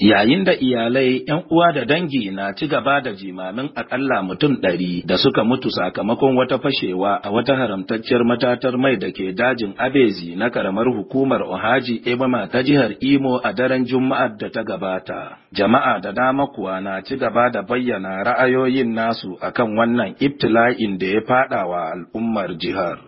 Yayin da iyalai, ‘yan uwa da dangi na ci gaba da jimamin akalla mutum ɗari da suka mutu sakamakon wata fashewa a wata haramtacciyar matatar mai da ke dajin Abezi na karamar hukumar Ohaji Ebama ta jihar Imo a daren Juma'ar da ta gabata. Jama'a da dama kuwa na ci gaba da bayyana ra'ayoyin nasu akan wannan ibtila'in da ya faɗawa al'ummar jihar.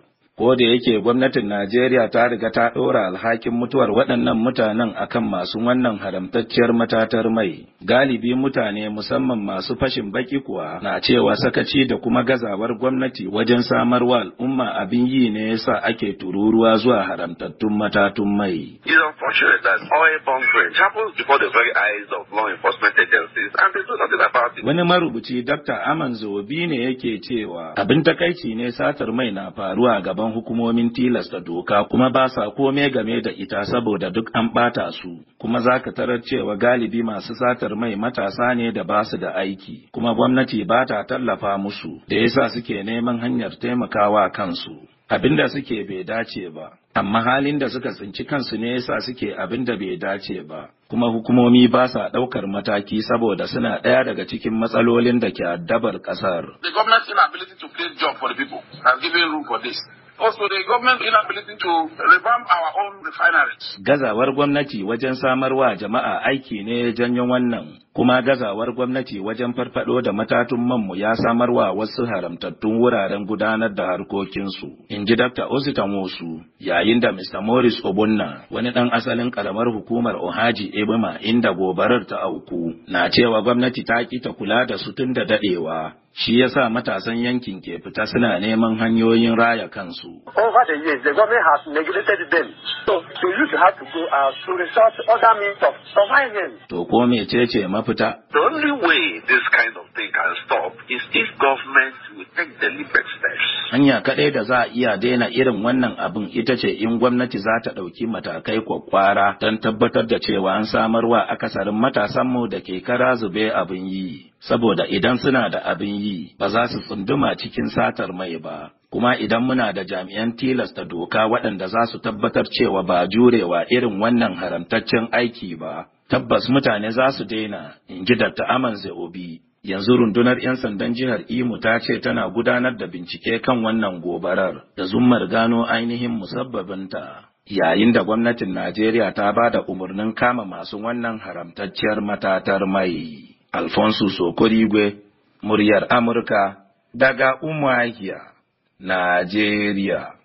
ko da yake gwamnatin Najeriya ta riga ta ɗora alhakin mutuwar waɗannan mutanen akan masu wannan haramtacciyar matatar mai. Galibi mutane musamman masu fashin baki kuwa na cewa sakaci da kuma gazawar gwamnati wajen samar wa al'umma abin yi ne yasa ake tururuwa zuwa haramtattun matatun mai. Wani marubuci Dr. Aman Zobi ne yake cewa abin takaici ne satar mai na faruwa gaban hukumomin tilasta doka kuma ba sa kome game da ita saboda duk an bata su kuma za ka tarar cewa galibi masu satar mai matasa ne da ba su da aiki kuma gwamnati ba ta tallafa musu da yasa suke neman hanyar taimakawa kansu abin da suke bai dace ba amma halin da suka tsinci kansu ne yasa suke abin da bai dace ba kuma hukumomi ba sa ɗaukar mataki saboda suna ɗaya daga cikin matsalolin da ke addabar ƙasar. The government's inability to create job for the people has given room for this. Also, the government inability to revamp our own refineries. Gazawar gwamnati wajen samarwa jama'a aiki ne janyon wannan. kuma gazawar gwamnati wajen farfado da matatun manmu ya samar wa wasu haramtattun wuraren gudanar da harkokinsu in ji dr osita mosu yayin da mr morris obunna wani dan asalin karamar hukumar ohaji ebima inda gobarar ta auku na cewa gwamnati ta ki ta kula da su tun da dadewa shi yasa matasan yankin ke fita suna neman hanyoyin raya kansu. Over the years, the government has neglected them. So, the youth to go out to resort other means of surviving. To ko mecece fita. The Hanya kaɗai da za a iya daina irin wannan abin ita ce in gwamnati za ta ɗauki matakai kwakwara don tabbatar da cewa an samarwa akasarin matasanmu da ke kara zube abin yi. Saboda idan suna da abin yi ba za su tsunduma cikin satar mai ba. kuma idan muna da jami'an tilasta doka waɗanda za su tabbatar cewa ba jurewa irin wannan haramtaccen aiki ba. tabbas mutane za su daina in ji Dr. Aman Zaobi. Yanzu rundunar 'yan sandan jihar Imo ta ce tana gudanar da bincike kan wannan gobarar da zummar gano ainihin musabbabinta. Yayin da gwamnatin Najeriya ta ba da umarnin kama masu wannan haramtacciyar matatar mai. Alfonso Sokorigwe, muryar Amurka, daga Umahiya, Najeriya.